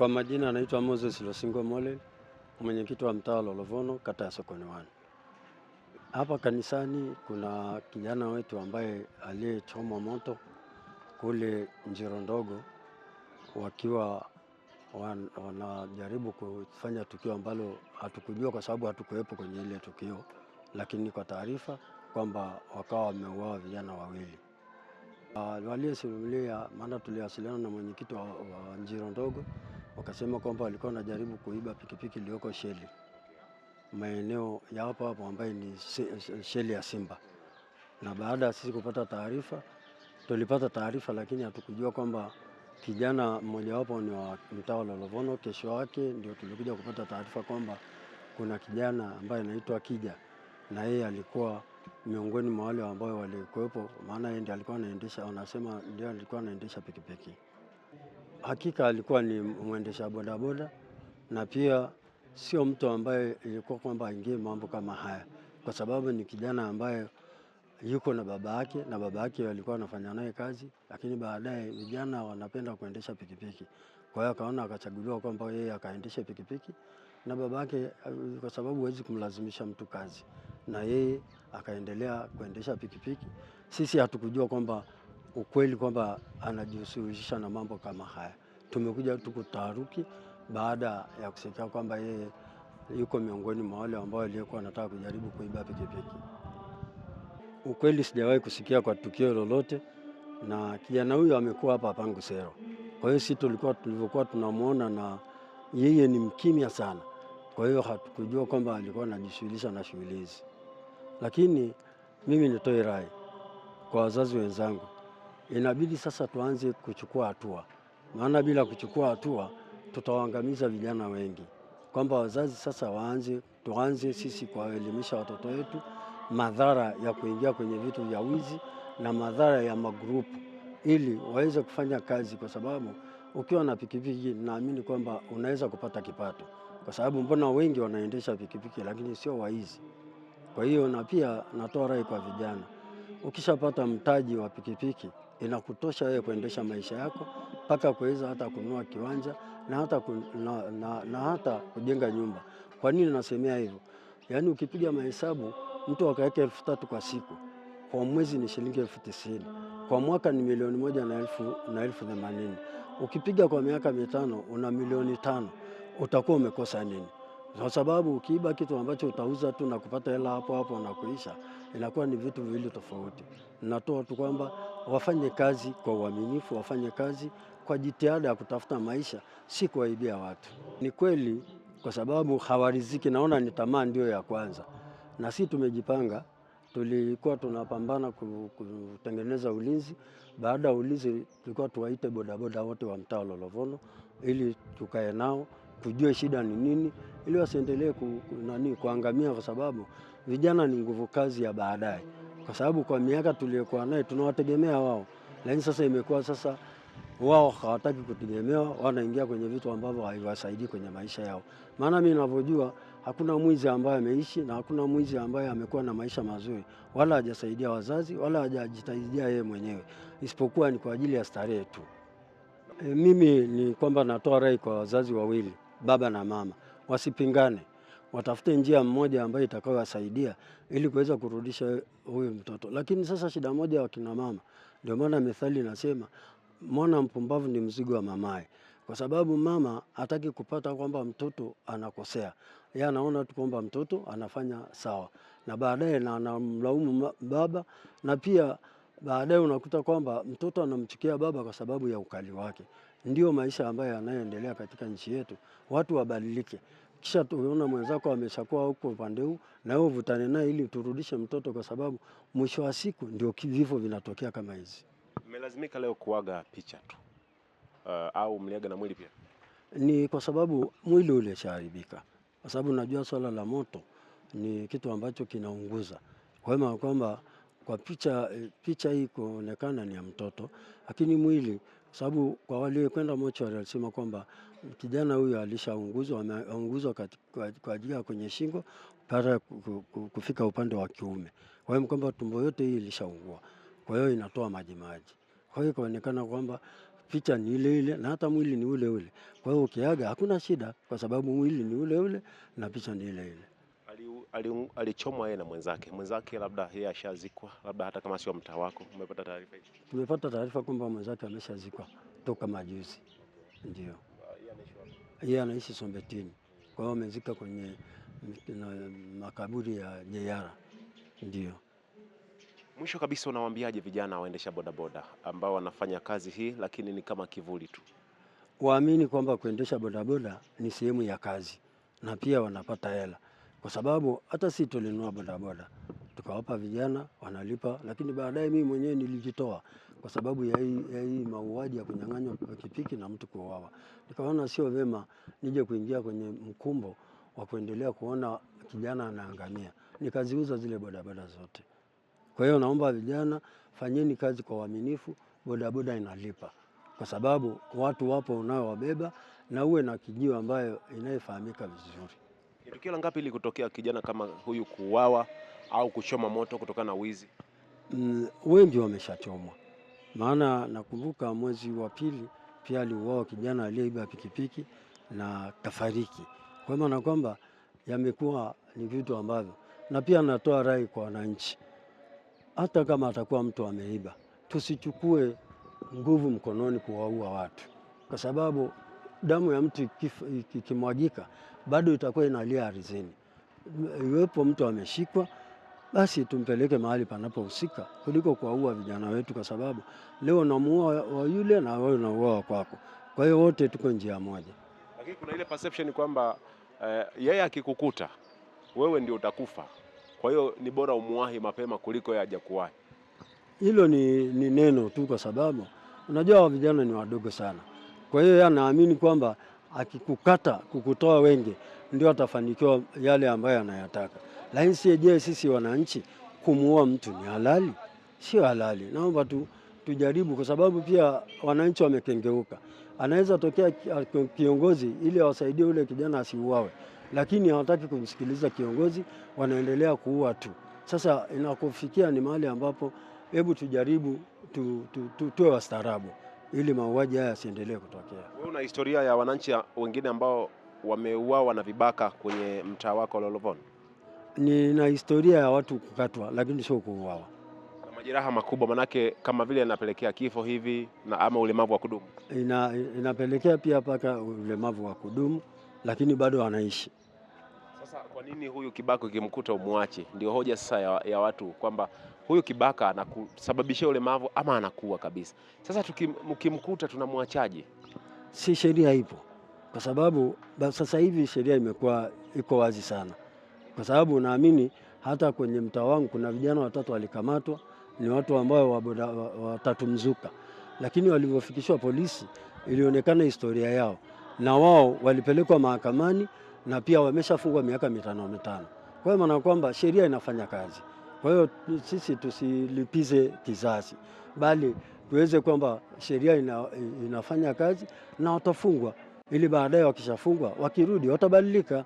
Kwa majina anaitwa Moses Losingo Mole, mwenyekiti wa mtaa Lolovono, kata ya Sokoni One. Hapa kanisani kuna kijana wetu ambaye aliyechomwa moto kule Njiro Ndogo, wakiwa wan, wanajaribu kufanya tukio ambalo hatukujua kwa sababu hatukuwepo kwenye ile tukio, lakini kwa taarifa kwamba wakawa wameuawa vijana wawili. Uh, waliyesimulia maana tuliwasiliana na mwenyekiti wa, wa Njiro Ndogo wakasema kwamba walikuwa wanajaribu kuiba pikipiki iliyoko Sheli maeneo ya hapo hapo ambayo ni Sheli ya Simba, na baada ya sisi kupata taarifa, tulipata taarifa lakini hatukujua kwamba kijana mmojawapo ni wa mtaa wa Lolovono. Kesho yake ndio tulikuja kupata taarifa kwamba kuna kijana ambaye anaitwa Kija na yeye alikuwa miongoni mwa wale ambao walikuwepo, maana yeye ndiye alikuwa anaendesha, wanasema ndiye alikuwa anaendesha pikipiki hakika alikuwa ni mwendesha bodaboda na pia sio mtu ambaye ilikuwa kwamba aingie mambo kama haya, kwa sababu ni kijana ambaye yuko na baba yake na baba yake alikuwa anafanya naye kazi, lakini baadaye vijana wanapenda kuendesha pikipiki. Kwa hiyo akaona akachaguliwa kwamba yeye akaendeshe pikipiki na baba yake, kwa sababu huwezi kumlazimisha mtu kazi, na yeye akaendelea kuendesha pikipiki. Sisi hatukujua kwamba ukweli kwamba anajihusisha na mambo kama haya. Tumekuja tu baada ya kusikia kwamba yeye yuko miongoni mwa wale ambao aliyekuwa wanataka kujaribu kuiba pikipiki. Ukweli sijawahi kusikia kwa tukio lolote, na kijana huyo amekuwa hapa hapa sero. Kwa hiyo sisi tulikuwa tulivyokuwa tunamwona, na yeye ni mkimya sana, kwa hiyo hatukujua kwamba alikuwa anajishughulisha na shughuli hizi. Lakini mimi nitoe rai kwa wazazi wenzangu inabidi sasa tuanze kuchukua hatua, maana bila kuchukua hatua tutawaangamiza vijana wengi, kwamba wazazi sasa waanze, tuanze sisi kuwaelimisha watoto wetu madhara ya kuingia kwenye vitu vya wizi na madhara ya magrupu, ili waweze kufanya kazi, kwa sababu ukiwa na pikipiki naamini kwamba unaweza kupata kipato, kwa sababu mbona wengi wanaendesha pikipiki lakini sio waizi. Kwa hiyo na pia natoa rai kwa vijana, ukishapata mtaji wa pikipiki inakutosha wewe kuendesha maisha yako mpaka kuweza hata kununua kiwanja na hata, ku, na, na, na hata kujenga nyumba. Kwa nini nasemea hivyo? Yaani ukipiga mahesabu mtu akaweka elfu tatu kwa siku, kwa mwezi ni shilingi elfu tisini kwa mwaka ni milioni moja na elfu na elfu themanini Ukipiga kwa miaka mitano una milioni tano utakuwa umekosa nini? Kwa sababu ukiiba kitu ambacho utauza tu na kupata hela hapo hapo na kuisha, inakuwa ni vitu viwili tofauti. Natoa tu kwamba wafanye kazi kwa uaminifu, wafanye kazi kwa jitihada ya kutafuta maisha, si kuwaibia watu. Ni kweli, kwa sababu hawariziki. Naona ni tamaa ndio ya kwanza, na si tumejipanga tulikuwa tunapambana kutengeneza ulinzi. Baada ya ulinzi, tulikuwa tuwaite bodaboda wote wa mtaa Lolovono ili tukae nao tujue shida ni nini, ili wasiendelee ku, nani kuangamia, kwa sababu vijana ni nguvu kazi ya baadaye kwa sababu kwa miaka tuliyokuwa naye tunawategemea wao, lakini sasa imekuwa sasa wao hawataki kutegemewa, wanaingia kwenye vitu ambavyo haiwasaidii kwenye maisha yao. Maana mimi ninavyojua hakuna mwizi ambaye ameishi na hakuna mwizi ambaye amekuwa na maisha mazuri, wala hajasaidia wazazi wala hajajitaidia yeye mwenyewe, isipokuwa ni kwa ajili ya starehe tu. E, mimi ni kwamba natoa rai kwa wazazi wawili, baba na mama, wasipingane watafute njia mmoja ambayo itakayowasaidia ili kuweza kurudisha huyu mtoto. Lakini sasa shida moja ya kina mama, ndio maana methali inasema mwana mpumbavu ni mzigo wa mamaye, kwa sababu mama hataki kupata kwamba mtoto anakosea, yeye anaona tu kwamba mtoto anafanya sawa, na baadaye na anamlaumu baba, na pia baadaye unakuta kwamba mtoto anamchukia baba kwa sababu ya ukali wake. ndio maisha ambayo yanayoendelea katika nchi yetu, watu wabadilike kisha tuona mwenzako ameshakuwa huko upande huu, na wewe uvutane naye ili turudishe mtoto, kwa sababu mwisho wa siku ndio vifo vinatokea kama hizi. Mmelazimika leo kuaga picha tu uh, au mliaga na mwili pia? Ni kwa sababu mwili ule shaharibika, kwa sababu najua swala la moto ni kitu ambacho kinaunguza kwema kwamba kwa picha eh, picha hii kuonekana ni ya mtoto, lakini mwili sababu kwa waliokwenda mocho walisema kwamba kijana huyo alishaunguzwa, ameunguzwa kwa ajili ya kwenye shingo para kufika upande wa kiume. Kwa hiyo kwamba tumbo yote hii ilishaungua, kwa hiyo inatoa majimaji. Kwa hiyo ikaonekana kwamba picha ni ile ile na hata mwili ni ule ule. Kwa hiyo ukiaga hakuna shida, kwa sababu mwili ni ule ule na picha ni ile ile alichomwa yeye na mwenzake, mwenzake labda yeye ashazikwa, labda hata kama sio mtaa wako. Umepata taarifa hiyo? Tumepata taarifa kwamba mwenzake ameshazikwa toka majuzi, ndio yeye anaishi Sombetini, kwa hiyo amezika kwenye makaburi ya Jeyara. Ndio. Mwisho kabisa, unawaambiaje vijana waendesha bodaboda ambao wanafanya kazi hii lakini ni kama kivuli tu? Waamini kwamba kuendesha bodaboda ni sehemu ya kazi na pia wanapata hela kwa sababu hata si tulinunua bodaboda tukawapa vijana wanalipa, lakini baadaye mimi mwenyewe nilijitoa kwa sababu ya hii ya hii mauaji ya kunyang'anywa pikipiki na mtu kuuawa. Nikaona sio vema nije kuingia kwenye mkumbo wa kuendelea kuona kijana anaangamia, nikaziuza zile bodaboda zote. Kwa hiyo naomba vijana, fanyeni kazi kwa uaminifu, bodaboda inalipa kwa sababu watu wapo unaowabeba, na uwe na kijio ambayo inayefahamika vizuri. Tukio la ngapi ili kutokea kijana kama huyu kuuawa au kuchoma moto kutokana na wizi? Mm, wengi wameshachomwa, maana nakumbuka mwezi wa pili pia aliuawa kijana aliyeiba pikipiki na kafariki. Kwa maana kwamba yamekuwa ni vitu ambavyo, na pia natoa rai kwa wananchi, hata kama atakuwa mtu ameiba, tusichukue nguvu mkononi kuwaua watu kwa sababu damu ya mtu ikimwagika bado itakuwa inalia ardhini. Iwepo mtu ameshikwa, basi tumpeleke mahali panapohusika kuliko kuwaua vijana wetu, kwa sababu leo namuua wa yule na wewe unaua wa kwako. Kwa hiyo wote tuko njia moja, lakini kuna ile perception kwamba uh, yeye akikukuta wewe ndio utakufa. Kwa hiyo ni bora umuahi mapema kuliko yeye hajakuwahi. Hilo ni, ni neno tu, kwa sababu unajua wa vijana ni wadogo sana kwa hiyo anaamini kwamba akikukata kukutoa wengi ndio atafanikiwa yale ambayo anayataka. Lakini si je, sisi wananchi kumuua mtu ni halali? Sio halali. Naomba tu tujaribu, kwa sababu pia wananchi wamekengeuka. Anaweza tokea kiongozi ili awasaidie ule kijana asiuawe, lakini hawataki kumsikiliza kiongozi, wanaendelea kuua tu. Sasa inakufikia ni mahali ambapo, hebu tujaribu tu, tu, tu, tuwe wastaarabu ili mauaji haya yasiendelee kutokea. Wewe una historia ya wananchi wengine ambao wameuawa na vibaka kwenye mtaa wako ni Nina historia ya watu kukatwa, lakini sio kuuawa. Na majeraha makubwa, manake kama vile yanapelekea kifo hivi na ama ulemavu wa kudumu? Ina, inapelekea pia mpaka ulemavu wa kudumu, lakini bado wanaishi. Sasa kwa nini huyu kibako ikimkuta umwache? Ndio hoja sasa ya, ya watu kwamba huyu kibaka anakusababishia ulemavu ama anakuwa kabisa. Sasa tukimkuta tunamwachaje? Si sheria ipo, kwa sababu sasa hivi sheria imekuwa iko wazi sana, kwa sababu naamini hata kwenye mtaa wangu kuna vijana watatu walikamatwa, ni watu ambao waboda watatu mzuka, lakini walivyofikishwa polisi ilionekana historia yao, na wao walipelekwa mahakamani na pia wameshafungwa miaka mitano mitano. Kwa maana kwamba sheria inafanya kazi. Kwa hiyo sisi tusilipize kizazi, bali tuweze kwamba sheria ina, inafanya kazi na watafungwa, ili baadaye wakishafungwa wakirudi watabadilika.